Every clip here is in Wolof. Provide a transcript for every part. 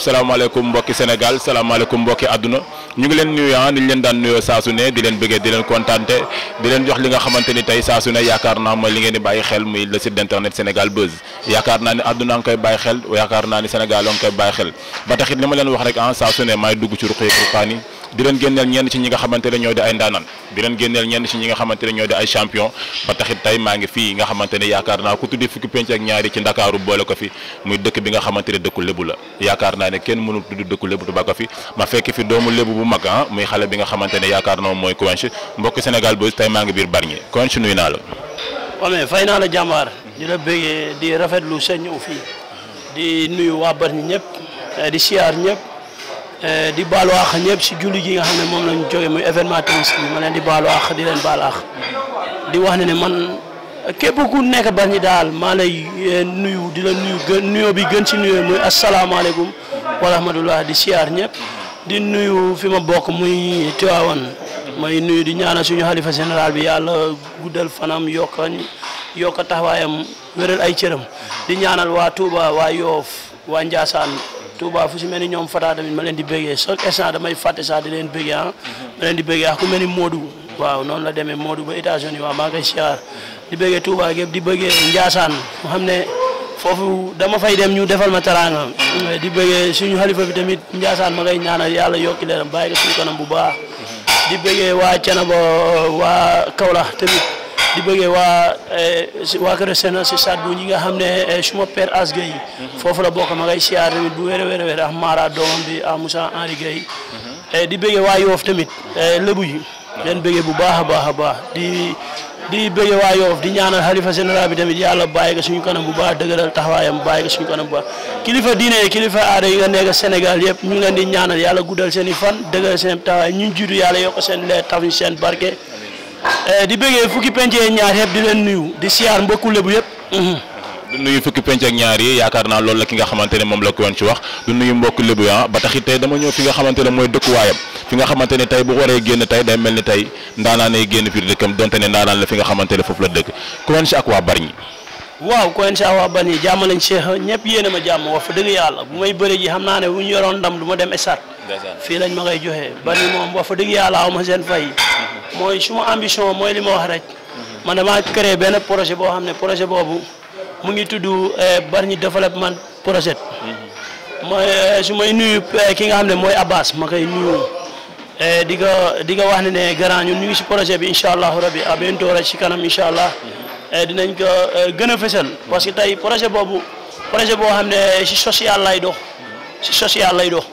salaamaaleykum mbokki Sénégal salaamaaleykum mbokki àdduna ñu ngi leen nuyu ah ni ñu leen daan nuyoo saa ne di leen bëggee di leen kontaante di leen jox li nga xamante ni tey saa ne yaakaar naa mooy li ngeen di bàyyi xel muy le site internet Sénégal Buzz yaakaar naa ni àdduna nga koy bàyyi xel yaakaar naa ni Sénégal nga koy bàyyi xel ba taxit li ma leen wax rek ah saa su ne maay dugg ci ruq yi di leen génneel ñenn ci ñi nga xamante ne ñoo di ay ndaanaan di leen génneel ñenn ci ñi nga xamante ne ñoo di ay champion ba taxit tey maa ngi fii nga xamante ne yaakaar naa ku tuddi fukki penc ak ñaari ci ndakaaru boole ko fi muy dëkk bi nga xamante ne dëkku lébu la yaakaar naa ne kenn mënul tudd dëkku lébu tuba fi ma fekk fi doomu lébu bu mag ah muy xale bi nga xamante ne yaakaar naa mooy Quench mbokk Sénégal boobu tey maa ngi biir Bargny Quench nuyu naa la waaw mais fay naa la jàmbaar di la bëggee di di waa Bargny ñëpp di siyaar ñëpp Eh, di baalu àq ñëpp si julli gi nga xam ne moom lañu jóge muy événement Tabaski ma leen di baalu àq di leen baalu àq di wax ne ne man képp ku nekk Bargny daal maa lay eh, nuyu di la nuyu gën nuyoo bi gën si nuyoo muy asalaamaaleykum wa rahmatulah di siyaar ñëpp di nuyu fi ma bokk muy Tiwaawan may nuyu di ñaanal suñu xalifa général bi yàlla guddal fanam yokk yokk taxawaayam wéral ay cëram di ñaanal waa Touba waa Yoof waa Njaasaan Touba fu si mel ni ñoom Fata ma leen di bëggee chaque instant damay fàtte sax di leen bëggee ah. ma leen di bëggee ah ku mel ni Modou. waaw noonu la demee Modou ba États-Unis waaw maa ngi siyaar di bëggee Touba gépp di bëggee Ndiassane ne foofu dama fay dem ñu defal ma teraanga di bëggee suñu xalifa bi tamit Ndiassane ma ngay ñaanal yàlla yokki leeram bàyyi ko suñu kanam bu baax. di bëggee waa Thiénaba waa Kaolack tamit. di bëgge waa eh, waa kër Sénégal si Saad bu ñi nga xam ne eh, suma père As Gueye mhm. foofu la bokk ma ngay siyaar tamit bu wéer a wéer a wéer ak Mara doomam bi ak Moussa Henri Gueye mhm. eh, di bëggee waa Yoof tamit lëbu yi ah. leen bëggee bu baax a baax a baax di di bëggee waa Yoof di ñaanal xalifa général bi tamit yàlla bàyyi ko suñu kanam bu baax dëgëral taxawaayam bàyyi ko suñu kanam bu baax kilifa diine kilifa aada yi nga nekk Sénégal yëpp ñu ngi leen di ñaanal yàlla guddal seen i fan dëgëral seen taxawaay ñu jiitu yàlla yokk seen barke Eh, di bëggee fukki penc ak ñaar yëpp di leen nuyu di siyaar mbokku lébu yëpp. Mhm. du nuyu fukki penc ak ñaar yi yaakaar naa loolu la ki nga xamante ne moom la ko woon ci wax du nuyu mbokku lébu ah ba tax it tey dama ñëw fi nga xamante ne mooy dëkkuwaayam fi nga xamante ne tey bu waree génn tey day mel ni tey ndaanaan ay génn fii dëkkam donte ne fi nga xamante ne foofu la dëkk Quench ak waa Bargny. waaw Quench ak waa Bargny jàmm lañ Cheikh ñëpp yéen a fii lañ ma koy joxe bari moom wax fa dëgg yàlla aw ma seen fay mooy suma ambition mooy li ma wax rek man damaa créé benn projet boo xam ne projet boobu mu ngi tudd eh, Bargny développement projet mooy eh, su may nuyu eh, ki nga xam ne mooy Abbas ma koy nuyu di ko di ko wax ne ne grand ñu nuyu si projet bi incha allahu rabi à bientôt rek si kanam incha allah dinañ ko gën a fësal parce que tey projet boobu projet boo xam ne si social lay dox si social lay dox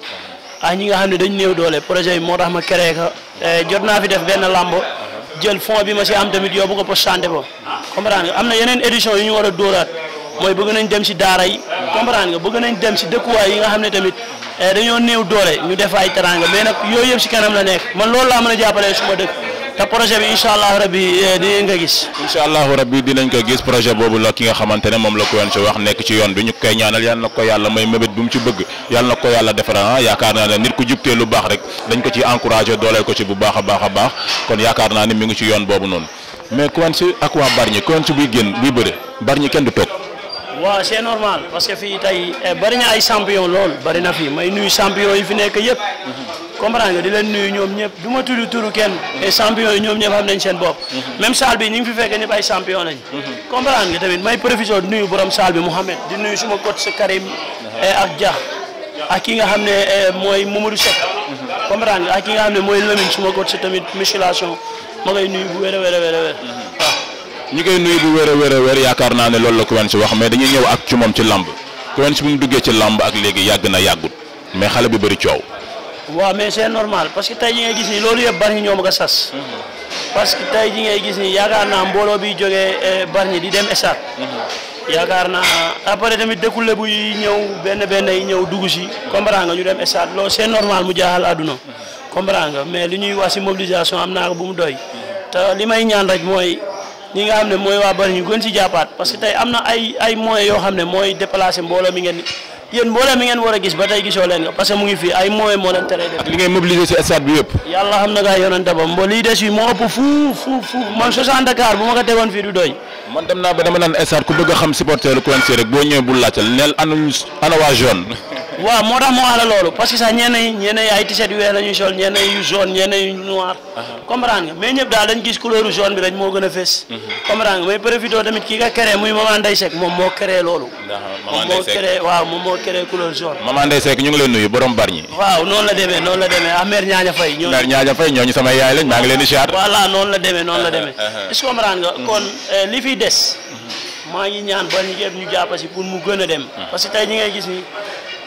ah ñi nga xam ne dañ néew doole projet yi moo tax ma créé ko eh, jot naa fi def benn lamb jël fond bi ma si am tamit yóbbu ko po santé ba comprendre nga am na yeneen édition yu ñu war a dóoraat mooy bëgg nañ dem si daara yi comprendre nga bëgg nañ dem si dëkkuwaay yi nga xam ne tamit eh, dañoo néew doole ñu def ay teranga mais nag yooyu yëpp si kanam la nekk man loolu laa mën a jàppalee suma dëkk te projet bi incha allah rabi eh, dinañ dinañ ko gis projet boobu la ki nga xamante ne moom la ko yoon ci wax nekk ci yoon bi ñu koy ñaanal yal na ko yàlla may mébét bu mu ci bëgg yal na ko yàlla defara ah, yaakaar naa ne nit ku jubtee lu baax rek dañ ko ci encouragé dooleel ko ci bu baax a baax a baax kon yaakaar naa ne mi ngi ci yoon boobu noonu mais Quench ak waa Bargny Quench buy génn buy bëre Bargny kenn du toog. waaw c'est normal parce eh, fi comprendre nga di leen nuyu ñoom ñëpp du ma tudd turu kenn et champion yi ñoom ñëpp xam nañ seen bopp mhm. même salle bi ñu ngi fi fekkee ñëpp ay champion lañ mhm. comprendre nga tamit may professeur di nuyu borom salle bi Mouhamed di nuyu suma coach sa mhm. ak ki nga xam ne eh, mooy Mamadou Seck comprendre nga ak ki nga xam ne mooy Lamine suma coach sa tamit musculation ma koy nuyu bu wér a wér a wér a wér waaw ñi koy nuyu bu wér a wér a yaakaar naa ne loolu la Quench wax mais dañuy ñëw ak ci moom ci lamb ci lamb ak léegi yàgg na yàggut mais xale bi bëri coow waaw mais c'est normal parce que tey ji ngay gis ni loolu yëpp Bargny ñoom a ko sas. Mhm. parce que tey ji ngay gis ni yaakaar naa mbooloo bi jógee eh, Bargny di dem Esat. Mhm. yaakaar naa après tamit dëkku lebu ñëw benn benn yi ñëw dugg si. comprendre nga ñu dem Esat loolu c'est normal mu jaaxal àdduna. Mhm. comprendre nga mais li ñuy wax si mobilisation am naa ko bu mu doy. te li may ñaan rek mooy ñi nga xam ne mooy waa Bargny ñu gën si jàppaat parce que tey am na ay ay moyens yoo xam ne mooy déplacer mbooloo mi ngeen. yéen mboolem mi ngeen war a gis ba tey gisoo leen ko mu ngi fii ay moyens moo leen tere def. ak li ngay mobiliser si stade bi yëpp. yàlla xam na gaa yonante ba mbo lii des yi moo ëpp fuuf fuuf fuuf man 60 Dakar bu ma ko tegoon fii du doy. man dem naa ba dama naan stade ku bëgg a xam supporter lu Quenche rek boo ñëwee bul laajal neel ana ana waa waaw moo tax moo wax la loolu parce que sax ñenn yi ñenn ay t-shirt yu weex la ñuy sol ñenn yu jaune ñenn yu noir. Uh-huh. comprendre nga mais ñëpp daal dañ gis couleur jaune a fees. Uh-huh. Ah, uh-huh, nga kon mm-hmm. euh, li fiy des. Mm-hmm. maa ngi ñaan ba ñu yëpp ñu jàpp pour mu gën a dem mm-hmm. parce tey ñi ngay gis ni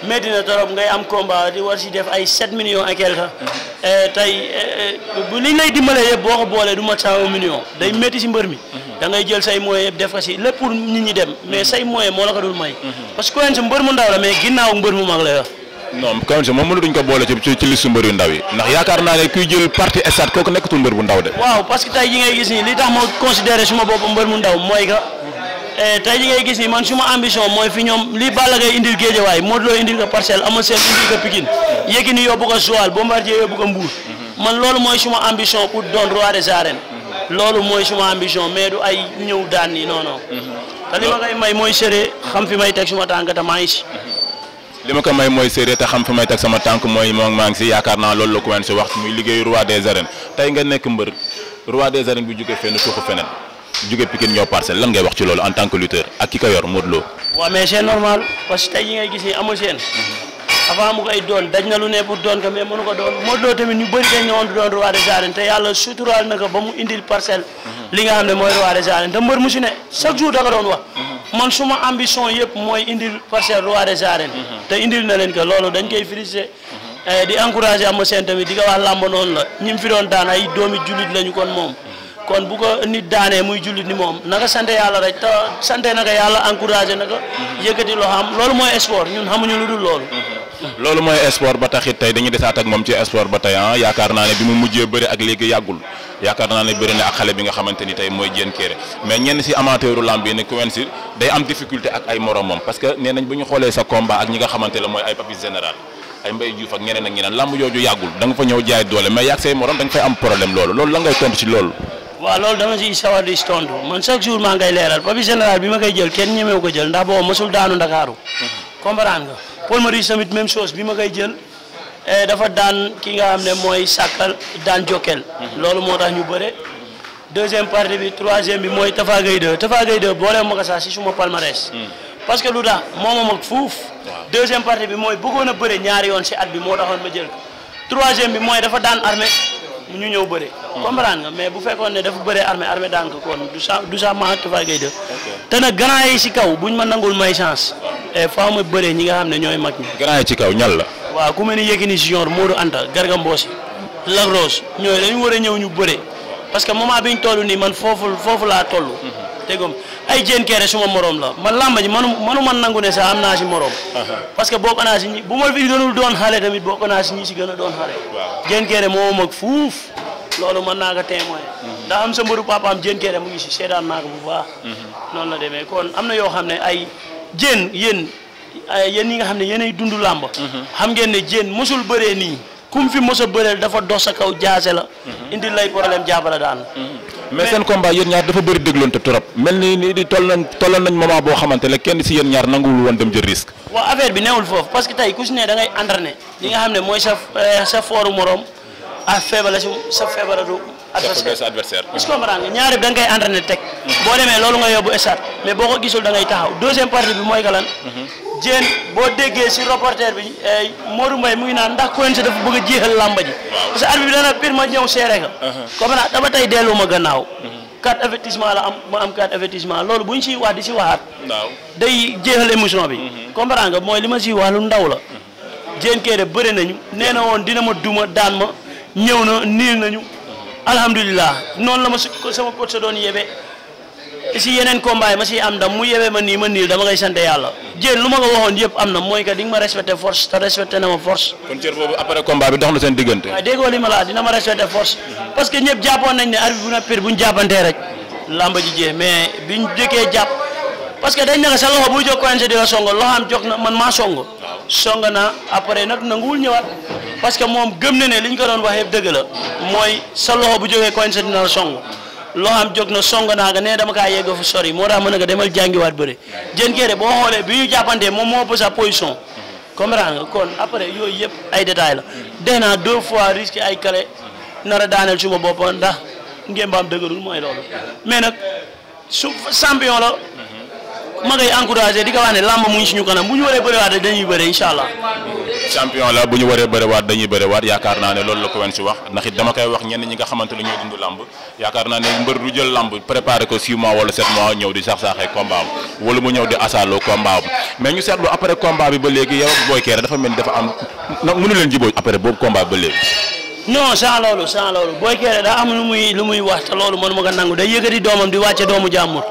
métti na torop ngay am combat di war si def ay 7 millions et quelque mhm. eh, tey eh, bu liñ lay dimbalee yëpp boo ko boolee du mat 100 millions day métti mhm. si mbër mi mhm. da ngay jël say moyens yëpp def ko si lépp pour nit ñi dem mais say moyens moo la ko dul may parce que Quench mbër mu ndaw la mais ginnaaw mbër mu mag la yor non Quench moom mënu ko boole ci ci liste mbër yu ndaw yi ndax yaakaar naa ne kuy jël parti stade kooku nekkatul mbër bu ndaw de waaw parce que Eh, tey li ngay gis ni man suma ambition mooy fi ñoom li Balla Gaye indil moo Modou Lo indil ko Parcelles Eumeu Sène indil ko Pikine Yékini yóbbu ko Joal Bombardier yóbbu ko Mbour man loolu mooy suma ambition pour doon roi des arènes loolu mooy suma ambition mais du ay ñëw daan nii non non te li ma koy may mooy séré xam fi may teg suma tànk te maa ngi si li ma ko may mooy séeréer te xam fi may teg sama tànk mooy moom maa ngi si yaakaar naa loolu la ko wen wax muy liggéeyu roi des arènes tey nga nekk mbër roi des arènes bu jógee jóge Pikine ñoo parcelle lan ngay wax ci loolu en tant que lutteur ak ki ko yor Modou Lo. mais c'est normal parce yi ngay gis nii amul seen. mu koy doon daj na lu ne pour doon ko mais mënu ko doon Modou Lo tamit ñu bëri dañ ñëwoon di doon roi des arènes te yàlla suturaal na ko ba mu indil parcelle. Mhm. li nga xam ne mooy roi des arènes te mbër mu si ne chaque jour da doon wax. Mhm. man suma ambition yëpp mooy indil parcelle roi des arènes. Mhm. te indil na leen ko loolu dañ koy félicité. Eh, di encouragé am seen tamit di ko wax làmb noonu la fi doon daan ay doomi jullit lañu kon moom. kon bu ko nit daanee muy jullit ni moom naka sante yàlla rek te sante naka yàlla encouragé naka yëkkati loo xam loolu mooy sport ñun xamuñu lu dul loolu mhm. loolu mooy sport ba taxit tey dañuy desaat ak moom ci sport ba tey ah yaakaar naa ne bi mu mujjee bëri ak léegi yàggul yaakaar naa ne bëri na ak xale bi nga xamante ni tey mooy Diène Kairé mais ñenn si amateuru lamb yi ne Quench day am difficulté ak ay moromam parce que nee nañ ñu xoolee sa combat ak ñi nga xamante la mooy ay papis général ay mbay juuf ak ñeneen ak ñeneen lamb yooju yàggul da nga nga fay am problème waaw loolu dama siy sawar di tontu man chaque jour maa ngay leeral papi général bi ma koy jël kenn ñemewu ko jël ndax boobu mosul daanu Ndakaaru mhm. comprendre nga Paul Maurice tamit même chose bi ma koy jël eh, dafa daan ki nga xam ne mooy sàkkal daan jokel mhm. loolu moo tax ñu bëre deuxième partie bi troisième bi mooy Tafa Gueye 2 Tafa Gueye 2 boole ma ko sax si suma palmarès mhm. parce que lu tax mooma mag fuuf deuxième partie bi mooy bëggoon a bëre ñaari yoon si at bi moo taxoon ma jël ñu ñëw bëre. comprendre nga mais bu fekkoon ne dafa bëree armée armée daan ko kon du sa du sa maa Tafa Gueye def. te nag grand yi si kaw buñ ma nangul may chance. et faaw ma bëree ñi nga xam ne ñooy mag ñi. grand yi ci kaw ñal la. waaw ku mel ni Yékini Junior Modou Anta Garga Mbossé Lac Rose ñooy dañu war a ñëw ñu bëre parce que moment biñ toll nii man foofu foofu laa toll. Mhm. tegom ay jéen keere suma morom la man làmba ji manu man nangu ne sax am naa si morom parce que si ñi bu ma fi doonul doon xale tamit bokk si ñi si gën a doon xale jéen keere moo mag fuuf loolu mën naa ko témoin mhm. ndax am sa mbaru am jéen keere mu ngi si seedaan naa bu baax mhm. noonu la demee kon am na yoo xam ne ay jéen yéen yéen ñi nga xam ne yéenay dund làmb mhm. xam ngeen ne jéen mosul bare nii kum fi mos a bëreel dafa dox sa kaw jaase la indi mais seen combat yéen ñaar dafa bëri dégloon te trop mel ni ni toll nañ tolloon nañ moment boo xamante ne kenn si yéen ñaar nanguwul woon dem jël risque. waaw affaire bi newul foofu parce que tey ku si ne li nga xam ne mooy sa euh, sa fooru morom a ah, feebaratu sa feebaratu adversaire sa adversaire. est-ce nga ñaari da ngay entraîné teg. boo demee loolu nga yóbbu stade mais boo ko gisul da taxaw deuxième partie bi mooy galan mhm. jéen boo déggee si reporter bi eh, Modou Mbaye mu ngi naan ndax Quench dafa bëgg a jeexal làmba ji. parce que arbitre bi dana mhm. tey dellu gannaaw. Mhm. quatre avertissement la am ma am quatre avertissement loolu bu ñu siy wax di si waxaat. day jeexal émission bi. comprendre nga mooy li ma siy wax lu ndaw la. jéen kee de bëri nañu nee na woon na niil alhamdulilah noonu la ma sama coach doon yebe si yeneen combat ma si am ndam mu yebe ma nii ma niil dama koy sant yàlla jéen lu ma ko waxoon yëpp am na mooy que di ma respecté force te respecté na ma force. kon cër boobu après combat bi dox na seen diggante. déggoo li ma la dina ma respecté force parce que ñëpp jàppoon nañ ne arbitre bu na pire bu jàppantee rek lamba ji mais biñ jëkkee jàpp parce que dañ naka sa loxo buy jóg coincé di la parce que moom gëm na ne li ñu ko doon wax yëpp dëgg la mooy sa loxo bu jógee koñ sa dina la song loo am jog na song naa nga nee dama kaa yegg fu sori moo tax mën nga demal jàngiwaat bëre jën kee de boo xoolee bi ñu jàppantee moom moo ëpp sa position comprendre nga kon après yooyu yëpp ay détails la dee naa deux fois risque ay kale nar a daaneel suma bopp ndax ngémbaam dëgërul mooy loolu mais nag su champion la ma koy encouragé di ko wax ne làmb mu ngi suñu kanam bu ñu waree bëriwaat dañuy bëri incha allah. champion la bu ñu waree bëriwaat dañuy bëriwaat yaakaar naa ne loolu la ko wen si wax ndax dama koy wax ñenn ñi nga xamante ne ñoo dund làmb yaakaar naa ne mbër du jël làmb préparé ko 6 mois wala 7 mois ñëw di sax saaxee combat am mu ñëw di asaaloo combat mais ñu seetlu après combat bi ba léegi yow ak Boy Kéré dafa mel ni dafa am nag mënu leen jiboo après boobu combat ba léegi. non sans loolu loolu Boy Kéré daa am di wàcce doomu jàmbur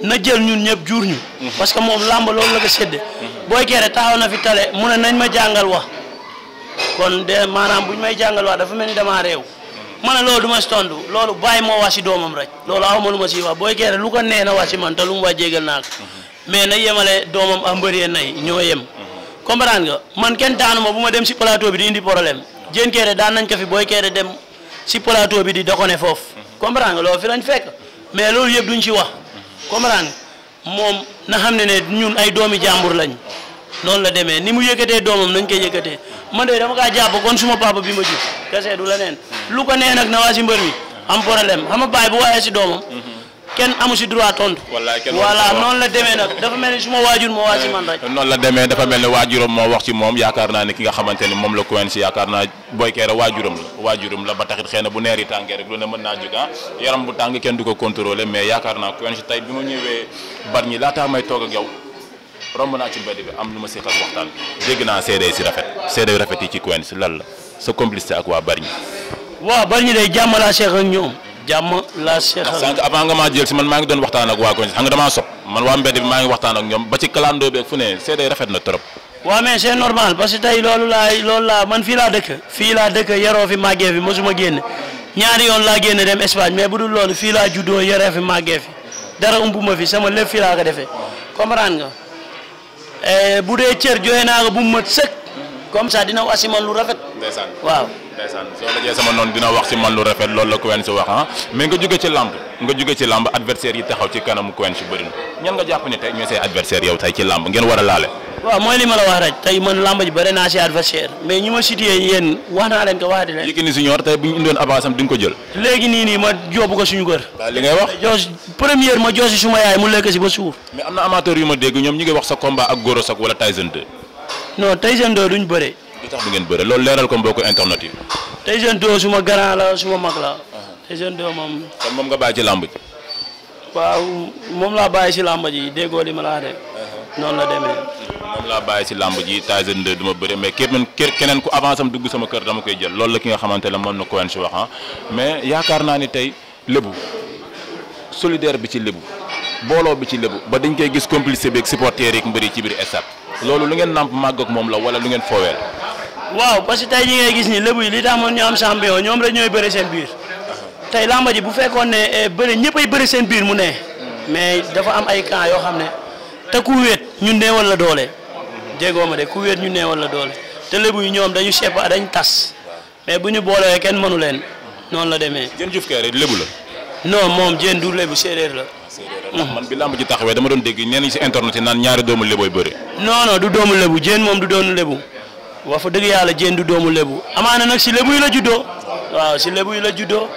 na jël ñun ñëpp jur ñu. parce moom làmb loolu la ko séddee. booy gere taxaw na fi tale mu ne nañ ma jàngal wax kon de maanaam buñ may jàngal wax dafa mel ni damaa réew. ma ne loolu du ma si tontu loolu bàyyi moo wax doomam rek loolu aw ma lu ma si wax booy gere lu ko nee na wax si man te lu mu wax jégal naa ko mais na yemale doomam ak mbëri nay ñoo yem. comprendre nga man kenn daanu ma bu ma dem si plateau bi di indi problème jéen keere daan nañ ko fi booy keere de si plateau bi di dokone foofu. comprendre nga loolu fi lañ fekk loolu yëpp duñ si wax. comprendre moom na xam ne ne ñun ay doomi jàmbur lañ noonu la demee ni mu yëkkatee doomam nañ koy yëkkatee man de dama kaa jàpp kon suma papa bi ma jur kese du la neen lu ko nee nag na waa si mbër mi am problème xam a baay bu waxee si doomam mhm. kenn amu si droit tontu. wallaay kenn voilà noonu la demee nag dafa mel ni suma waajur moo waa si man rek. noonu la demee dafa mel ni waajuram moo wax ci moom yaakaar naa ne ki nga xamante ni moom la Quench yaakaar naa Boy Kéré la ba taxit xëy bu neeri tàngee rek lu ne mën naa jóg ah yaram bu tàng kenn du ko mais yaakaar naa Quench si bi ma ñëwee bar ñi laataa may toog ak yow romb naa ci mbedd bi am lu ma seqal waxtaan dégg naa seede si rafet seede rafet yi si lan la sa complicité ak waa Bargny. waaw Bargny day jàmm laa jàmm laa seexal sànq avant nga maa jël si man maa ngi doon waxtaan ak waa koñ xam nga damaa sob man waa mbedd bi maa ngi waxtaan ak ñoom ba ci kalandoo beeg fu ne seeday rafet na trop waaw mais c'est normal parce que tey loolu laa loolu laa man fii laa dëkk fii laa dëkk yaroo fi màggee fi mosuma génn ñaari yoon laa génn dem Espagne mais bu dul loolu fii laa juddoo yaroo fi màggee fi dara umpuma fi sama lépp fii laa ko defee comprendre nga eh, bu dee cër joxe naa ko bu mu mët sëkk comme ça dina ko asimal lu rafet waaw ndeysaan soo dajee sama noonu dina wax ci man lu rafet loolu la Quench wax ah mais nga jóge ci lamb nga jóge ci lamb adversaire yi taxaw ci kanamu Quench bëri na ñan nga jàpp ne tey ñooy adversaire yow tey ci lamb ngeen war a mooy li ma la wax rek tey man lamb ji bëri naa si adversaire mais ñi ma situé yéen wax naa leen ko waxati di nga léegi nii nii ma yóbbu ko suñu kër waaw li ngay wax première ma joosi suma yaay mu lekk si ba suur mais am lu tax ngeen bëre loolu leeral ko mbokku internet yi. tey jeune doo suma grand la suma mag la. tey jeune doo moom. moom nga bàyyi ci làmb ji. waaw moom laa bàyyi si làmb ji déggoo li ma laa de. Uh-huh. noonu la demee. moom laa bàyyi si làmb ji Tyson 2 du ma bëri mais képp keneen ku avance am dugg sama kër dama koy jël loolu la ki nga xamante ne mën na ko si wax ah. mais yaakaar naa ni tey lébu solidaire bi ci lébu booloo bi ci lébu ba dañ koy gis complice beeg supporter yeeg mbëri ci biir stade loolu lu ngeen nàmp màgg moom la wala lu ngeen foowee waaw parce que tey ñi ngay gis ni lébu yi li tax moom ñu am champion ñoom rek ñooy bëri seen biir tey lamba ji bu fekkoon ne eh, bëri ñëpp ay bëri seen biir mu ne mais dafa am ay camp yoo xam ne te ku wéet ñu neewal la doole jéegoo ma de ku wéet ñu neewal la doole te lébu yi ñoom dañu seppa dañ tas mais bu ñu boolewee kenn mënu leen noonu la demee. Diène Diouf Kayre lébu la. non moom Diène du lébu séeréer la. Mhm. ndax man bi làmb ji taxawee dama doon dégg ñenn si internet naan ñaari doomu léboy bëri. non non du doomu lébu Diène moom du doonu lébu. wax fa dëgg yàlla jéen du doomu lébu amaana nag si lébu yi la juddoo waaw si lébu yi la juddoo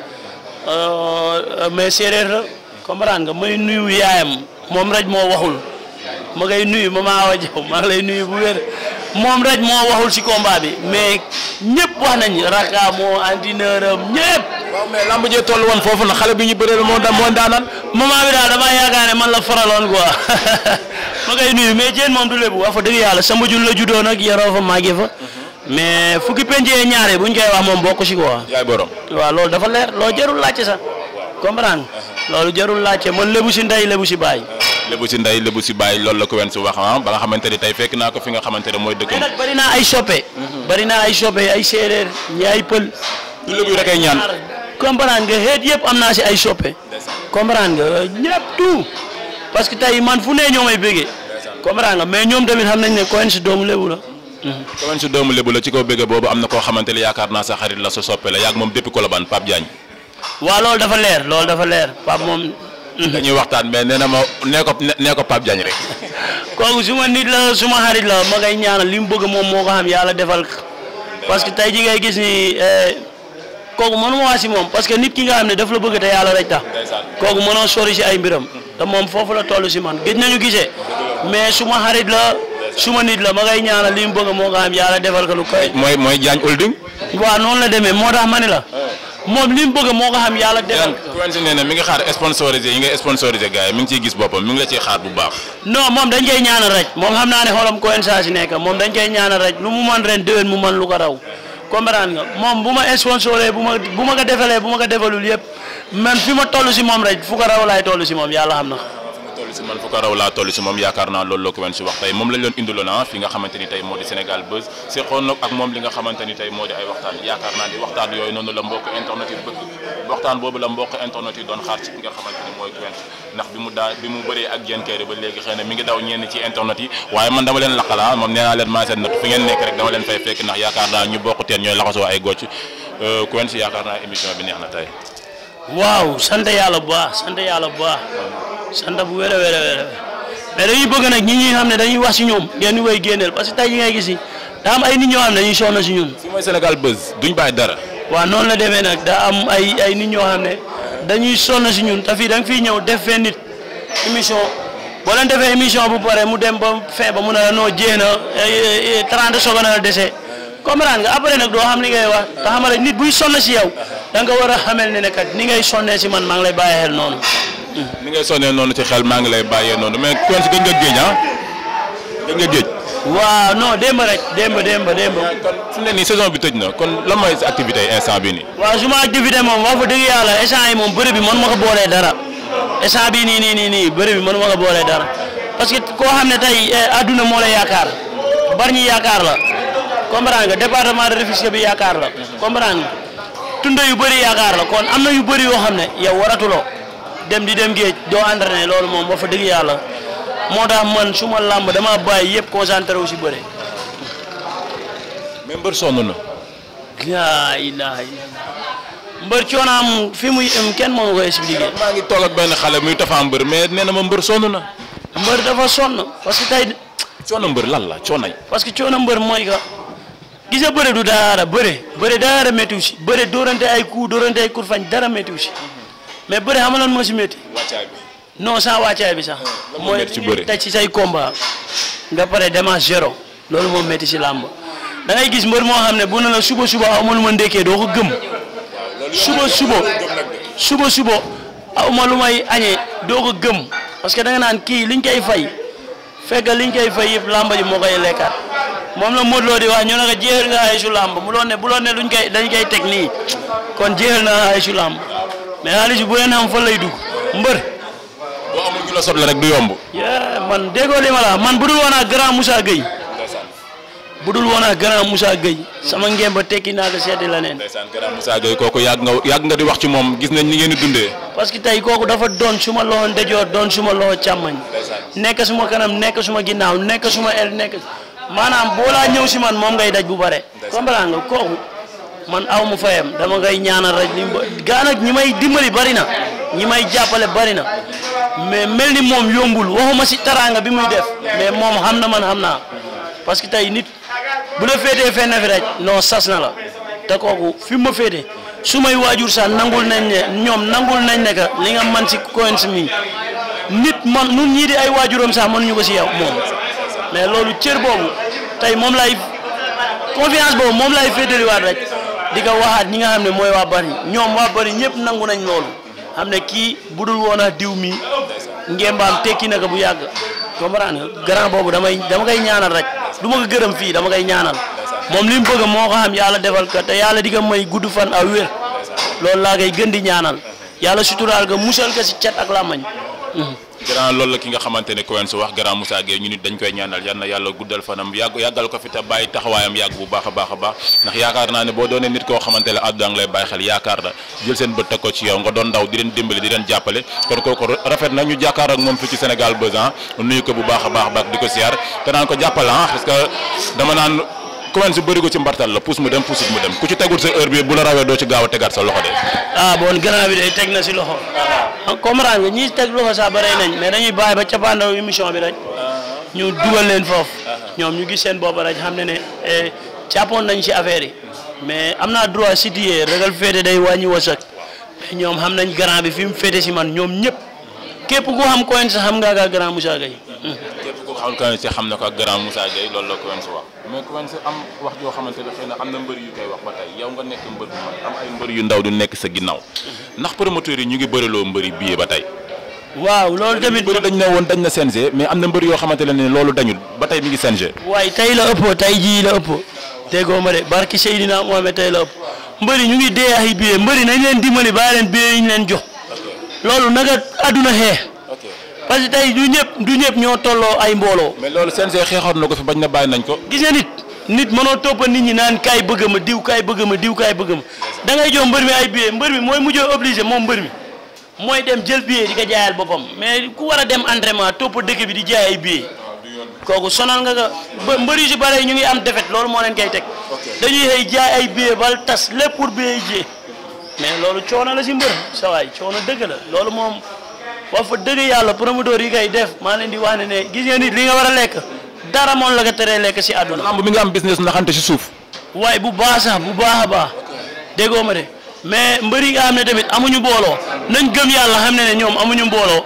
euh, euh, mais séeréer la comprendre nga may nuyu yaayam moom rek moo waxul ma ngay nuyu ma maa wajaw maa lay nuyu bu wér moom rek moo waxul si combat bi mais ñëpp wax nañ raka moo entraîneur am waaw mais lamb jee toll woon foofu na xale bi ñu bëreel moo da moo daanan. moment bi daal damaa yaakaar man la faraloon quoi ma koy nuyu mais jéen moom du lébu wax fa dëgg yàlla sama jul la juddoo nag yaroo fa màggee fa. Mhm. mais fukki pencee ñaare buñ koy wax moom bokk ci quoi. yaay borom waaw loolu dafa leer loolu jarul laajte sax comprendre mhm. loolu jarul laajte man lébu ci ndey lébu ci baay. lébu ci ndey lébu ci baay loolu la ko wen su wax ah, ba nga xamante ni tey fekk naa ko fi nga xamante ne mooy dëkk. mais nag bari mhm. bari naa ay ay séeréer ñi ay pël. du lébu rek ay ñaan. comprendre nga xeet yëpp am naa si ay soppe comprendre nga euh, ñëpp tout parce que man fu ne ñoo may bëggee comprendre nga mais ñoom tamit xam nañ ne Quench si doomu Lebu la. Quench si doomu Lebu la ko bëggee boobu am na koo xamante ne yaakaar naa sa xarit la sa soppe la yàgg moom depuis Colobane Pape Diagne. waaw loolu dafa leer loolu dafa leer Pape moom. dañuy mhm. waxtaan mais nee na ma ne ko nee ko Pape rek. kooku suma nit la suma xarit la ma koy ñaanal li mu bëgg moom moo ko xam yàlla defal parce kooku mënuma waa si moom parce que nit ki nga xam ne daf la bëgg te yàlla rek tax kooku mënoo sori si ay mbiram te moom foofu la toll si man gëj nañu gisee la suma nit la ma ngay ñaanal li mu moo mooy mooy Diagne noonu la demee moo tax ma ne la. Eh. moom li mu bëgg moo nga na mi ngi xaar sponsorisé yi nga sponsorisé gars yi mi ngi ciy gis boppam mi ngi la ciy xaar bu baax. non moom dañ koy ñaanal rek moom xam naa ne xolam Quench si nekk moom dañ koy ñaanal rek lu mu mën ren déwén mu mën lu ko raw. comprendre nga moom bu ma sponsoré bu ma bu ma ko defalee bu ma ko defalul yëpp man fi ma toll si moom rek fu ko raw laay toll si moom yàlla xam na toll si man fu ko raw laa toll si moom yaakaar naa loolu la ko si wax tey moom lañ leen indiloon ah fi nga xamante tey moo di Sénégal Buzz seqoon nag ak moom li nga xamante tey moo di ay waxtaan yaakaar naa na ah ñu bokk teen ñooy laxasoo ay gocc euh, Quench yaakaar naa émission bi neex na tey waaw sant yàlla bu baax sant yàlla bu baax sant bu wér a wér a mais dañuy bëgg nag ñi ñuy xam ne dañuy wax si ñoom ngeen ñu koy génneel parce que tey yi ngay gis daa am ay nit ñoo xam ne dañuy soxna si ñun. si mooy Sénégal buzz duñ bàyyi dara. waaw noonu la demee nag daa am ay ay nit ñoo xam ne dañuy soxna si ñun te fii fiy ñëw def fee nit émission boo leen defee émission bu pare mu dem ba fee ba mu ne la noo jéem a 30 secondes la dese. comprendre nga après nag doo xam li ngay wax nga xamal nit buy sonn si yow da war a xamal ne ne ni ngay sonnee si man maa ngi lay bàyyi xel noonu. Mm. ni ngay sonnee noonu ci xel maa ngi lay bàyyee noonu mais kon si gëj nga géej ah gëj nga géej. waaw non démb rek démb démb démb. kon ne nii saison bi tëj na kon la mooy sa activité instant bi nii. waa su ma activité moom wax fa dëgg yàlla instant yi moom bëri bi man ma ko boolee dara instant bii nii nii nii nii bëri bi man ma ko boolee dara parce que koo xam ne tey eh, adduna moo yaakaar bari ñi comprendre nga département de Rufisque bi yaakaar la comprendre nga tunda yu bëri yaakaar la kon am na yu bëri yoo xam ne yow waratuloo dem di dem géej doo entraîné loolu moom wax fa dëgg yàlla moo tax man su ma làmb damaa bàyyi yëpp concentré wu si bëre mais mbër sonn na laa ilaaha illallaah mbër muy am kenn moom koy expliqué maa ngi toog benn xale muy tafa mbër mais nee na ma mbër na mbër dafa sonn parce que tey coono mbër lan la coonay parce que coono mbër mooy ka gis nga bëre du daara bëre bëre daara méttiwu si bëre dóorante ay coup dóorante ay kurfañ dara méttiwu si mais bëre xam nga lan moo si métti. wàccaay bi non sans wàccaay bi sax. mooy ci bëre teg ci say combat nga pare démarche zéro loolu moo métti si làmb da gis mbër moo xam ne bu ne la suba suba aw ma lu ma ndékkee doo ko gëm. suba suba suba suba aw ma lu may añee doo ko gëm parce que da naan kii liñ koy fay fekk liñ koy fay yëpp làmb ji moo koy lekkaat. moom la Modou Lo di wax ñu ne ko jeexal nga Aïchou Lamb mu doon ne bu doon ne duñ koy dañ koy teg nii kon jeexal na Aïchou Lamb mais Aïchou bu leen am fa lay dugg mbër. boo amul la rek du yomb. man déggoo li ma la man budul woon ak grand Moussa Gueye. budul woon ak grand Moussa Gueye. sama ngeen tekki naa ko seeti la neen. ndeysaan grand Moussa Gueye kooku yàgg nga yàgg nga di wax ci moom gis nañ ni ngeen di dundee. parce que tey kooku dafa doon ma loxo ndejoor doon suma loxo càmmañ nekk suma kanam nekk suma ginnaaw nekk suma nekk. maanaam boo laa ñëw si man moom ngay daj bu bare. comprendre nga kooku man aw mu fayam dama ngay ñaana rek li ba gaa nag ñi may dimbali bari na ñi may jàppale bari na mais mel ni moom yombul waxuma si taraanga bi muy def mais moom xam na man xam naa parce que tey nit bu la féetee fenn fi rek non sas na la te kooku fi ma féete su may waajur sax nangul nañ ne ñoom nangul nañ ne que li nga man si coins mi nit man nun ñii ay ay waajuram sax ñu ko si yow moom. mais loolu cër boobu tey moom lay confiance boobu moom lay féetaliwaat rek di ko waxaat ñi nga xam ne mooy waa Bargny ñoom waa bari ñëpp nangu nañ loolu xam ne kii budul woon a diw mi ngembaam tekki na ko bu yàgg comprendre grand boobu damay dama koy ñaanal rek du ma gërëm fii dama koy ñaanal moom li mu bëgg moo ko xam yàlla defal ka te yàlla di ko may gudd fan a wér loolu laa kay gën di ñaanal yàlla suturaal ko musal ko si cet ak làmmañ grand loolu la ki nga xamante ne Quench wax grand Moussa Gueye ñu nit dañ koy ñaanal yal na yàlla guddal fanam yàgg yàggal ko fi te bàyyi taxawaayam yàgg bu baax a baax a baax ndax yaakaar naa ne boo doonee nit koo xamante ne lay bàyyi xel yaakaar la jël seen bët teg ko ci yow nga doon ndaw di leen dimbali di leen jàppale kon kooku rafet na ñu jàkkaar ak moom fii ci Sénégal besan nuyu ko bu baax a baax baax di ko siyaar te naan ko jàppale ah commence bëri ko ci mbartal la pousse mu dem pousse mu dem ku ci tegul sa heure bi bu la rawee doo ci gaaw a tegaat sa loxo de. ah bon gannaaw bi de teg na si loxo. Ah, comprendre nga ñi teg loxo sax bëree nañ mais dañuy bàyyi ba cappaandaw émission bi rek ñu dugal leen foofu ñoom ñu gis seen bopp rek xam ne ne càppoon eh, nañ si affaire yi mais am naa droit si diye a féete day wàññi wasak ñoom xam nañ grand bi fi mu si man ñoom ñëpp képp ku xam Quench sax xam ngaa gaa grand Abdou Karim si xam na ko ak grand Moussa Gueye loolu la Quench wax mais Quench am wax joo xamante ne xëy na am na mbër yu koy wax ba tey yow nga nekk mbër bu mag am ay mbër yu ndaw du nekk sa ginnaaw ndax promoteurs yi ñu ngi bëriloo mbëri billet ba tey waaw loolu tamit bëri ne woon dañ na CNG mais am na mbër yoo xamante ne loolu dañul ba tey mi ngi CNG waaye tey la ëpp tey jii la ëpp déggoo ma de barki Seydina Mohamed tey la ëpp mbëri ñu ngi dee ay billet mbëri nañ leen dimbali bàyyi leen billet yi ñu leen jox parce que tey du ñëpp du ñëpp ñoo tolloo ay mbooloo. mais loolu seen see xeexoon na ko fi bañ na bàyyi nañ ko. gis nga nit nit mënoo toppa nit ñi naan kaay bëgg ma diw kaay bëgg ma diw kaay bëgg ma da ngay jox mbër mi ay billet mbër mi mooy mujjee obligé moom mbër mi mooy dem jël billet di ko jaayal boppam mais ku war a dem entraînement topp dëkk bi di jaay ay billet kooku sonal nga ka ba mbër yu si bare ñu ngi am défaite loolu moo leen kay teg dañuy xëy jaay ay billet bal tas lépp pour billet yi mais loolu coono la si mbër sa waay coono dëgg la loolu moom wax fa dëgg yàlla promoteur yi koy def maa leen di wax ne ne gis ngeen nit li nga war a lekk dara moom la ko teree lekk si àdduna. lamb mi nga am business ndaxante si suuf. waaye bu baax sax bu baax a baax déggoo ma de mais mbër yi nga xam ne tamit amuñu mbooloo nañ gëm yàlla xam ne ne ñoom amuñu mbooloo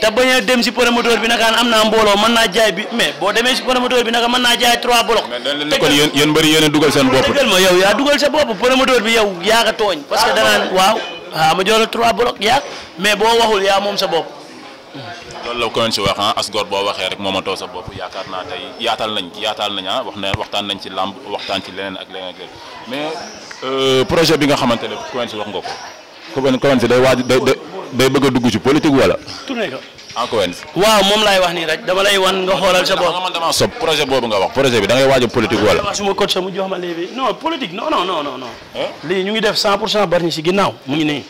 te bañ a dem si promoteur bi nakaan am naa mbooloo mën naa jaay bi mais boo demee si promoteur bi naka mën naa jaay trois blocs. mais kon yéen yéen mbëri yéen a dugal seen bopp. dëggal ma yow yaa dugal sa bopp promoteur bi yow yaa ko waaw ah, ma jox trois blocs yaa mais boo waxul yaa moom sa bopp. loolu la ko si wax ah as góor boo waxee rek moomatoo sa bopp yaakaar naa tey yaatal nañ yaatal nañ ah wax na waxtaan nañ ci làmb waxtaan ci leneen ak leneen ak leneen mais euh, projet bi nga xamante ne ku si wax nga ko. ku si day waaj day bëgg a dugg ci politique wala. waaw moom laay wax nii rek dama lay wan nga xoolal sa bopp. sob projet boobu nga wax projet bi da ngay waaj a politique wala. waaw suma mu jox ma léegi non no non non non non. lii ñu ngi def 100 pour cent Bargny si ginnaaw mu ngi nii.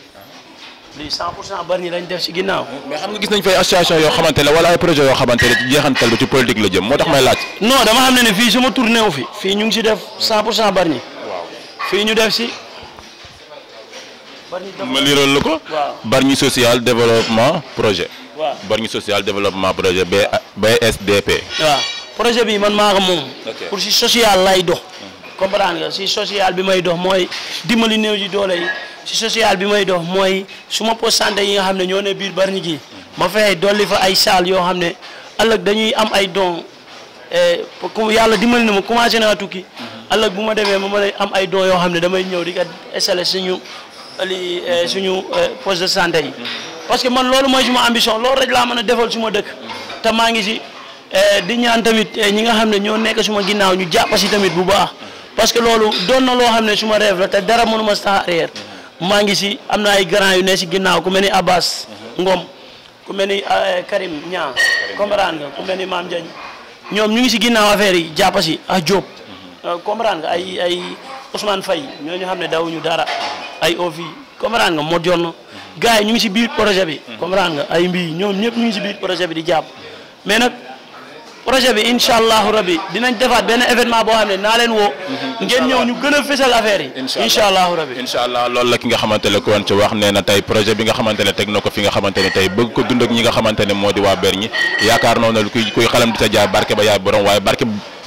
lii 100 pour cent Bargny lañ def si ginnaaw. mais xam nga gis nañ fay association yoo xamante ne wala ay projet yoo xamante ne jeexantal bi ci politique la jëm moo tax may laaj. non dama xam ne ne fii suma tournée wu fi. fii ñu ngi si def 100 pour cent Bargny. fii ñu def si. Bargny ma liiral la ko. waaw Bargny social développement projet. waaw borgne social développement projet B BSDP. waaw projet bii man maa ko moom. pour si social lay dox. Mm-hmm. comprendre si social bi may dox mooy dimbali néew ji doole yi si social bi may dox mooy su ma poste santé yi nga xam ne ñoo ne biir Bargny gi ma fexe dolli fa ay salle yoo xam ne ëllëg dañuy am ay don eh, ku yàlla dimbali na ma commencé naa tukki mm-hmm. ëllëg bu ma demee ma ma am ay don yoo xam ne damay ñëw di ko installé suñu li eh, suñu eh, poste de santé yi mm-hmm. parce que man loolu mooy suma ambition loolu rek laa mën a defal suma dëkk te maa ngi si eh, di ñaan tamit eh, ñi nga xam ne ñoo nekk suma ginnaaw ñu jàpp si tamit bu baax parce que loolu doon na loo xam ne suma rêve la te dara mënuma sa maa ngi si am na ay grand yu ne si ginnaaw ku mel ni Abbas ngoom ku mel ni eh, Karim Niang comprendre nga ku mel ni Mame Diagne ñoom ñu ngi si ginnaaw affaire yi jàpp si ah Diop euh, comprendre nga ay ay fay Faye ñooñu xam ne dawuñu dara ay Ofi comprendre nga moo jonn gars yi ñu ngi si biir projet bi. comprendre nga ay mbii ñoom ñëpp ñu ngi ci biir projet bi di jàpp mais nag projet bi incha allahu rabi dinañ defaat benn événement boo xam ne naa leen woo. ngeen ñëw ñu gën a fësal affaire yi. incha allahu rabi lool la ki nga xamante ne ko woon ci wax nee na tey projet bi nga xamante ne teg na ko fi nga xamante ne tey bëgg ko dund ak ñi nga xamante ne moo di waa Bargny yaakaar noonu ne kuy kuy xalam di sa jaar barke ba yaay borom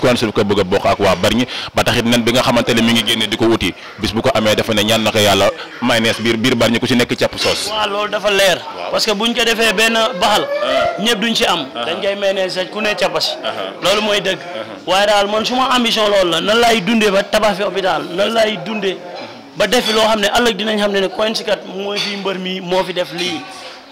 council ko bëgg a bokk ak waa Bargny ba taxit nen bi nga xamante ne mi ngi génne di ko wuti bis bu ko amee dafa ne ñaan na ko yàlla maynees biir biir Bargny ku si nekk càpp soos waaw loolu dafa leer parce que buñ ko defee benn baxal ah. ñëpp duñ ci am ah. dañ koy maynees ku ne si ah. loolu mooy dëgg waaye daal man ma ambition loolu la nan laay dundee ba tabax fi hôpital nan laay dundee ba defi loo xam ne ëllëg dinañ xam ne ne Coins Cat mooy fi mbër mi moo fi def lii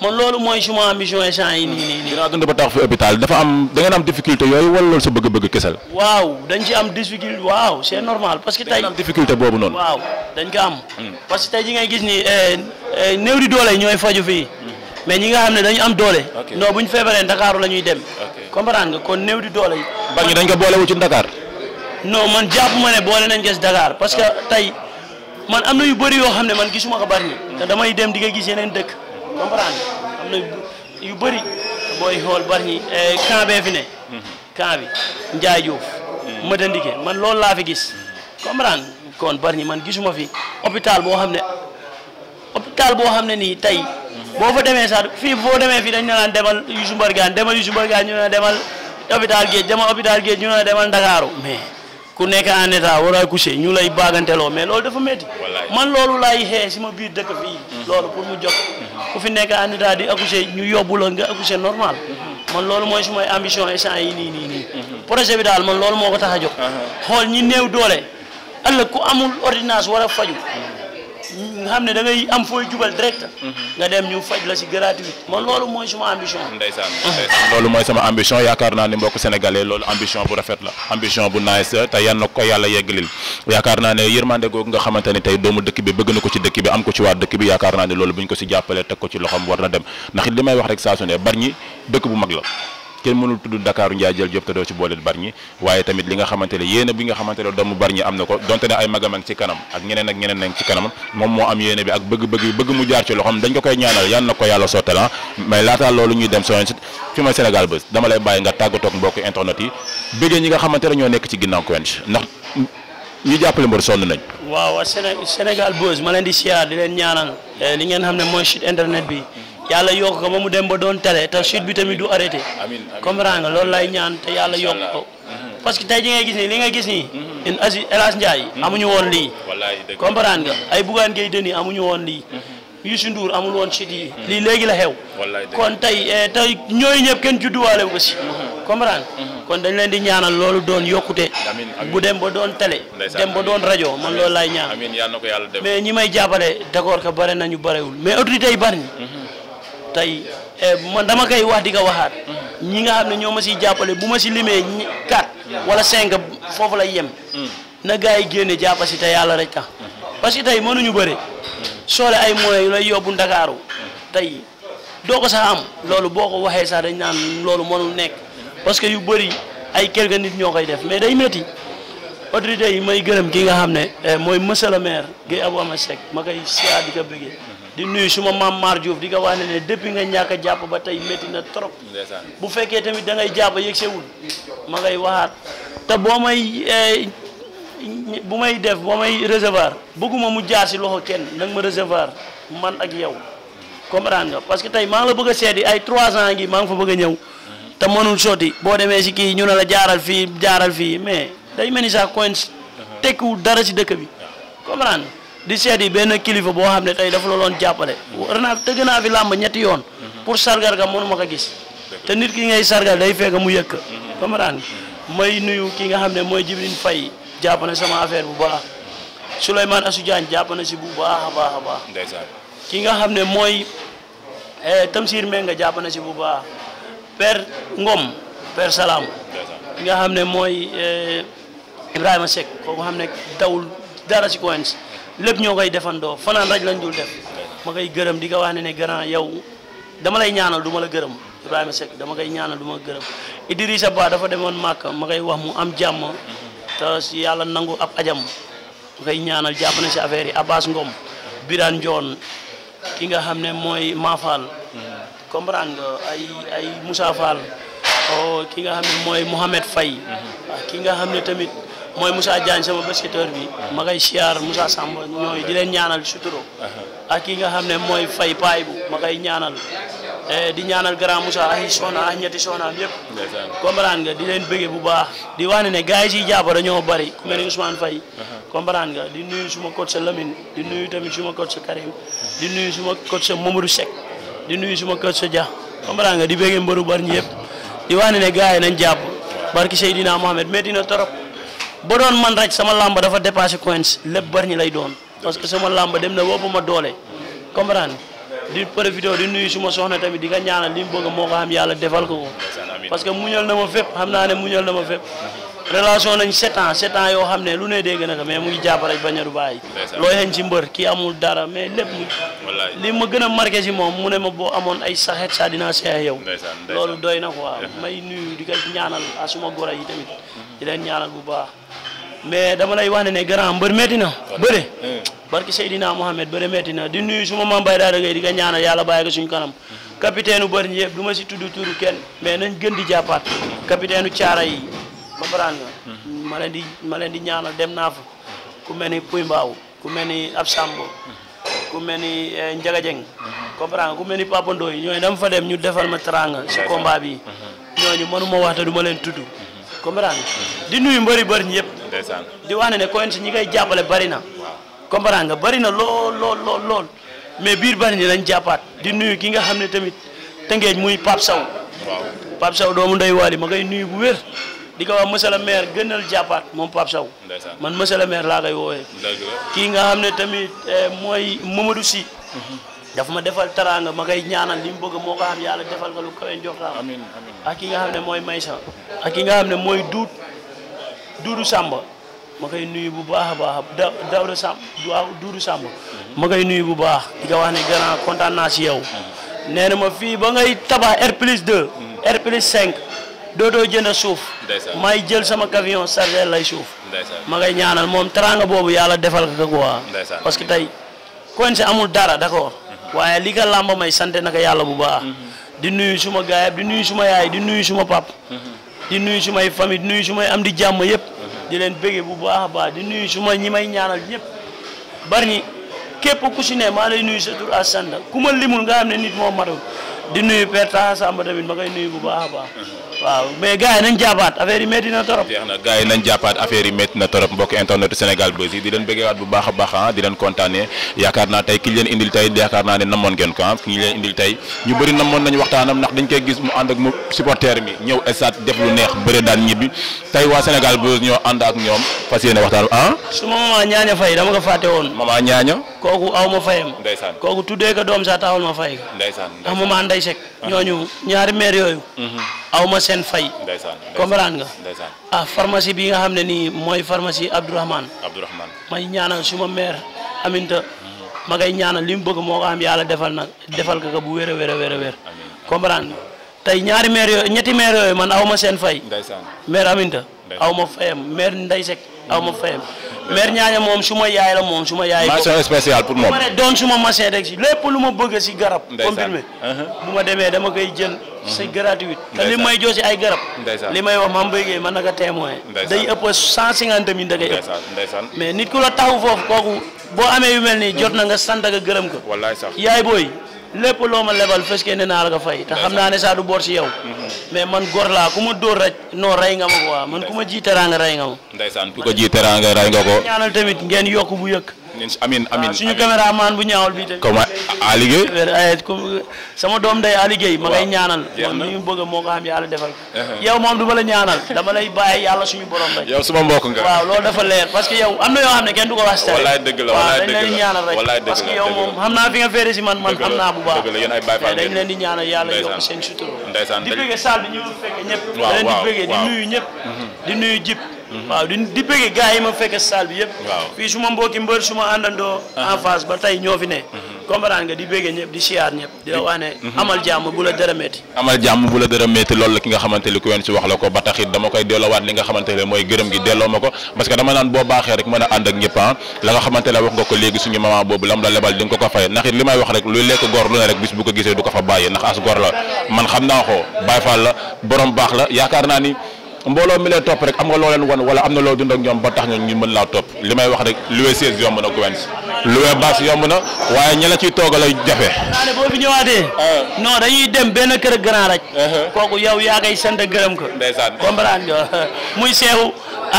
man loolu mooy suma ambition échange yi nii nii nii. dinaa dund ba tax fi hôpital dafa am da am difficulté yooyu wala loolu sa bëgg-bëgg kese waaw dañ ci am difficulté waaw c'est normal parce que tey am difficulté boobu noonu. waaw dañ ko am. Hmm. parce que tey ji ngay gis ni eh, eh, néew di doole ñooy faju fii. Hmm. mais ñi nga xam ne dañu am doole. non bu ñu feebaree Dakar la ñuy dem. comprendre nga kon néew di doole yi. mbaa dañ ko boolewul ci Dakar. man jàpp ma ne nañ gis Dakar parce que ah. tey man am na yu bëri yoo xam ne man gisuma ko bari ni hmm. te damay dem di nga gis yeneen dëkk comprendre am na yu bëri booy xool bari eh, camp bee fi ne. Mhm. camp bi Ndiaye Diouf. Mhm. Mada Ndike man loolu laa fi gis. Mhm. comprendre kon bari man gisuma fi hôpital boo xam ne hôpital boo xam ne nii tey. boo fa demee sax fii boo demee fii dañ ne naan demal Youssou Mbargane demal Youssou Mbargane ñu ne demal hôpital Géej demal hôpital Géej ñu ne demal Ndakaaru ku nekk en état war a coucher ñu lay baaganteloo mais loolu dafa métti man loolu laay xee si ma biir dëkk fii mhm. loolu pour mu jox ku fi nekk en état di accoucher ñu yóbbu la nga accoucher normal mhm. man loolu mooy sumay ambition instant yi nii nii nii mhm. projet bi daal man loolu moo ko tax a jóg uh-huh. xool ñi néew doole ëllëg ku amul ordonnance war a faju nga xam ne da ngay am fooy jubal direct. Mhm. nga dem ñu faj la si gratuite man ah. loolu mooy sama ambition yaakaar naa ni mbokk sénégalais loolu ambition bu rafet la ambition bu nice te yan na ko yàlla yeggalil yaakaar naa ne yërmande googu nga xamante ni tey doomu dëkk bi bëgg na ko ci dëkk bi am ko ci waa dëkk bi yaakaar naa ne loolu bu ñu ko si jàppalee teg ko ci loxoom war na dem ndax li may wax rek saa su ne bari ñi dëkk bu mag la kenn mënul tudd Dakaaru Njaajël Jóob te doo ci booleel Bargny waaye tamit li nga xamante yéene bi nga xamante ne doomu Bargny am na ko donte ne ay magam ci kanam ak ñeneen ak ñeneen ak ko yàlla sottal ah. mais laataa loolu ñuy dem sonen fi ma Sénégal Buzz dama lay bàyyi nga tàggatoog mbokk internet yi bëggee ñi nga xamante ñoo nekk ci ginnaaw Quench ndax ñu jàppale mbër sonn nañ waaw Sénégal Buzz ma leen di siyaar di leen ñaanal eh, yàlla yokk ko ba mu dem ba doon télé te chute bi tamit du arrêté. comprendre nga loolu lay ñaan te yàlla yokk ko. Mm-hmm. parce que tey ji ngay gis nii li nga gis nii. in mm-hmm. asi El Hadj Ndiaye mm-hmm. amuñu woon lii. comprendre nga ay Bougane Gueye Dany amuñu woon lii. Youssou Ndour amul woon chute yi. lii léegi la xew. kon tey eh, tey ñooy ñëpp kenn judduwaale wu ko si. kon dañ leen di ñaanal loolu doon yokkute. bu dem ba doon télé. dem ba doon rajo man loolu laay ñaan. mais ñi may jàppale d'accord tey eh, man dama koy wax di ko waxaat ñi nga xam ne ñoo ma siy jàppale bu ma si limee quatre wala cinq foofu la yem na gars yi génne jàppa si te yàlla rek tax parce que tey mënuñu bëri soole ay moyens yu lay yóbbu ndakaaru tey doo ko sax am loolu boo ko waxee sax dañ naan loolu mënul nekk parce que yu bëri ay quelque nit ñoo koy def mais day métti autorité yi may gërëm ki nga xam ne eh, mooy monsieur le maire Guèye Abou Amath Seck ma koy siyaar di ko bëggee di nuyu suma maam maar Diouf di nga wax ne ne depuis nga ñàkk a jàpp ba tey métti na trop bu fekkee tamit da ngay jàpp yëg sewul ma ngay waxaat te boo may eh, bu may def boo may recevoir bëgguma mu jaar si loxo kenn nag ma recevoir man ak yow comprendre nga parce que tey maa ngi la bëgg a seeti ay trois ans ngi maa ngi fa bëgg a ñëw te mënul sotti boo demee si kii ñu ne la jaaral fii jaaral fii mais day mel ni sax coin tekkiwul dara si dëkk bi comprendre di seet yi benn kilifa boo xam ne tey dafa la doon jàppale. war tëgg naa fi làmb ñetti yoon. pour sargal ga mënu ma ko gis. te nit ki ngay sargal day fekk mu yëkk. comprendre mooy nuyu ki nga xam ne mooy Jibril fay jàpp na sama affaire bu baax Souleymane Assou Diagne jàpp na si bu baax a baax a baax. ndeysaan nga xam ne mooy eh, Tamsir Mbengue jàpp na si bu baax Père Ngom nga xam ne mooy eh, Ibrahima Seck kooku xam ne dawul dara si coins lépp ñoo koy defandoo fanaan raj lañ dul def ma koy gërëm di ka wax ne ne grand yow dama lay ñaanal duma la gërëm Ibrahima dama koy ñaanal duma ma la gërëm Idrissa Ba dafa demoon makk ma koy wax mu am jàmm te si yàlla nangu ab ajam ma ñaanal jàpp na si affaire yi Abbas Ngom Birane Ndione ki nga xam ne mooy Mafal comprendre ay ay Moussa oh, ki nga xam ne mooy Mohamed Faye ah, ki nga xam ne tamit mooy Moussa Diagne sama basketteur bi ma koy siyaar musa Samba ñooy di leen ñaanal suturo ak ki nga xam ne mooy fay paay bu ma koy ñaanal eh, di ñaanal grand musa ay soxna ay ñetti soxnaam yëpp comprendre nga di leen bëggee bu baax di waane ne ne gars yi siy jàpp dañoo bëri ku mel ni Ousmane Faye uh-huh. comprendre di nuyu suma coach sa Lamine di nuyu tamit suma coach sa Karim di nuyu suma coach sa Mamadou Seck di nuyu suma coach sa Dia comprendre nga di bëggee mbëru bari ñi yëpp di wax ne ne gars yi nañ jàpp barki Seydina trop ba doon man rek sama làmba dafa dépassé coins lépp bari ñi lay doon parce sama làmb dem na wóobu ma doole comprendre di profité di nuyu suma soxna tamit di nga ñaanal li mu bëgg moo ko xam yàlla defal ko ko parce que muñal na ma fépp xam naa ne muñal na ma fépp relation nañ sept ans sept yoo xam ne lu ne dégg na ko mais muy jàpp a du bàyyi looy xeeñ ci kii amul dara mais lépp li ma gën a marqué ci moom mu ne ma boo amoon ay saxet saa yow loolu doy na quoi may nuyu di ko ñaanal à ah, suma goro yi tamit di leen ñaanal bu baax mais dama lay wax ne ne grand mbër metti na bëre hmm. barki Seydina Mohamed bëre metti na di nuyu suma maam Baye Daara Gueye di nga ñaanal yàlla bàyyi ko suñu kanam hmm. capitaine u bëri yëpp du ma si tudd turu kenn mais nañ gën di jàppaat capitaine u caara yi comprendre nga hmm. ma leen di ma di ñaanal dem naa fa ku mel ni Pouy Mbaaw ku mel ni Ab Sambo ku mel ni eh, Njaga Jeng comprendre ku mel ni Papa Ndoy ñooñu dama fa dem ñu defal ma teranga si combat bi ñooñu mënuma wax te ma leen tudd comprendre di nuyu mbari bëri ñi yëpp. ndeysaan di wax ne ne Quench ñi koy jàppale bari na. comprendre nga bari na lool lool lool mais biir bari ni lañ jàppaat di nuyu ki nga xam ne tamit tëngeej muy Pape Sow. waaw Pape Sow doomu Ndeye Waly ma koy nuyu bu wér. di ko wax monsieur le maire gënal jàppaat moom Pape Sow. man monsieur le maire laa koy woowee. kii nga xam ne tamit eh, mooy Mamadou Sy. Mhm. daf ma defal taraanga ma koy ñaanal li mu bëgg moo ko xam yàlla defal ko lu kawe njortaa amiin ak ki nga xam ne mooy Maysa ak ki nga xam ne mooy duut duudu Samba ma koy nuyu bu baax a baax da Daouda Samb waaw mhm. nuyu bu baax di ko wax ne grand kontaana si yow mhm. nee na ma fii ba ngay tabax R plus 2 mhm. R plus 5 dootoo jënd suuf may jël sama camion chargé lay suuf ma ngay ñaanal moom taraanga boobu yàlla defal ko quoi parce que tey kon si amul dara d'accord waaye li ka làmb may sante naka yàlla bu baax. Mm-hmm. di nuyu suma gaayab di nuyu suma yaay di nuyu suma pap mm-hmm. di nuyu sumay famille di nuyu sumay am di jàmm yëpp. Mm-hmm. di leen bëggee bu baax baax di nuyu suma ñi may ñaanal yëpp. bari ñi képp ku si ne maa lay nuyu sa tur ak ku ma limul nga xam ne nit moo matul di nuyu Père Taha Samba tamit ma koy nuyu bu baax baax. waaw mais gars yi nañ jàppaat affaire yi métti na torop jeex na gars yi nañ jàppaat affaire yi métti na torop mbokk internet Sénégal Buzz yi di leen bëggeewaat bu baax a baax ah di leen kontaane yaakaar naa tey ki leen indil tey yaakaar naa ne namoon ngeen ko ah, ki leen indil tey ñu bëri namoon nañu waxtaanam ndax dañ koy gis mu ànd ak mu supporter mi ñëw stade def lu neex bëre daan ñibbi tey waa Sénégal Buzz ñoo ànd ak ñoom fas yéene waxtaan ah su ma maman ñaaña fay dama ko fàtte woon maman ñaaña ma fayam ndeysaan ko doom saa taxul ma fay ndeysaan ndax maman Ndeye Seck seen fay. ndeysaan comprendre nga. ah pharmacie bi nga xam ne nii mooy pharmacie Abdourahmane. Abdourahmane may ñaanal suma mère Aminta. ma ngay ñaanal li mu bëgg moo ko am yàlla defal nag defal ko bu wér a wér a a wér. comprendre nga tey ñaari maire yooyu ñetti maire yooyu man aw ma seen fay. ndeysaan Aminta. aw fayam mère Ndeye Seck aw ma fayam mère ñaaña moom su ma yaay la moom su ma yaay. mention spéciale pour moom ma doon su ma machine rek si lépp lu ma bëgg si garab. confirmé uh-huh. bu ma demee dama koy jël. Uh-huh. c'est gratuit. te li may jox si ay garab. li may wax maam bëggee man naka témoin. day ëpp cent cinquante mille da koy ëpp. mais nit ku la taxu foofu kooku boo amee yu mel nii jot na nga sant ak gërëm ko. wallaay sax yaay booy. lépp loo ma lebal ke ne naa la ko fay te xam naa ne saa du boor si yow. mais man góor laa ku ma dóor rek non rey nga ma ko waa man ku ma ji teraanga rey nga ma. ndeysaan ku ko ji teraanga rey nga ko. ñaanal tamit ngeen yokk bu yëkk. amin amin suñu caméraman bu ñaawal bi tamit. comment Aly Gueye. Eh, eh, sama doom day Aly Gueye ma ngay ñaanal. moom mi ngi bëgg moo ko xam yàlla defal eh, yow moom du la ñaanal dama lay bàyyi yàlla suñu borom rek. yow suma mbokk nga. waaw loolu dafa leer parce que yow am na yoo xam ne kenn du ko wax. wallaay di ñu fekk ñëpp. di nuyu ñëpp mhm. di nuyu jip Mhm. waaw di di bëgg gars yi ma fekk salle bi yëpp fii su ma mbokki mbër su ma àndandoo en mhm. face ba tey ñoo fi ne mhm. comprendre nga di bëgg ñëpp di siyaar ñëpp di la wax ne amal jàmm bu la dara metti amal jàmm bu la dara metti loolu la ki nga xamante li ku si wax la ko ba taxit dama koy delloowaat li nga xamante mooy gërëm gi delloo ma ko parce que dama naan boo baaxee rek mën a ànd ak ñëpp ah. la nga xamante la wax nga ko léegi suñu maman boobu lam la lebal naa ko Baye Fall baax la yaakaar naa ni mbooloo mi lay topp rek am nga loo wan wala am na loo dund ak ñoom ba tax ñu mën laa topp li may wax rek loué siège yomb na Quench loué basse yomb na waaye ñi la ciy toogal ay jafe. naa ne boo fi ah. dem benn kër grand rek. Ah ah. kooku yow yaa ngay sant gërëm ko. ndeysaan comprendre nga muy seewu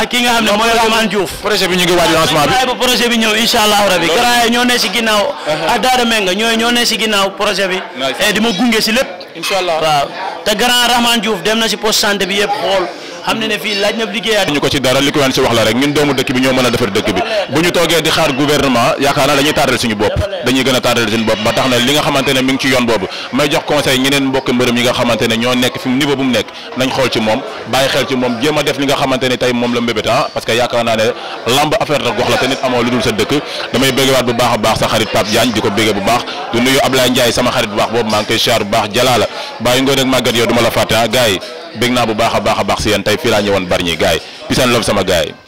ki nga xam ne mooy Ousmane Diouf. projet bi ñu ngi waaj lancement bi. bu bi ñëw incha allahu rabi. grand yi ñoo ne si ginnaaw. ak Daara Menga ñooy ñoo ne si ginnaaw projet bi. Eh, di ma gunge si lépp. incha allah waaw te grand Rahman Diouf dem na si poste sant bi yëpp xool xam ne ne fii laaj na liggéeyaat ñu ko ci dara li ko yoon si wax la rek ñun doomu dëkk bi ñoo mën a defar dëkk bi bu ñu toogee di xaar gouvernement yaakaar naa dañuy tardel suñu bopp dañuy gën a tardel suñu bopp ba tax na li nga xamante ne mi ngi ci yoon boobu may jox conseil ñeneen mbokki mbërëm yi nga xamante ne ñoo nekk fi mu niveau bu mu nekk nañ xool ci moom bàyyi xel ci moom jéem a def li nga xamante ne moom la mbébét ah parce que yaakaar naa ne lamb affaire la gox a ko bégge bu baax du nuyu Ablaye Ndiaye bég naa bu baax a baax a baax si yéen tey fii laa ñëwoon bari ñi gars yi sama gars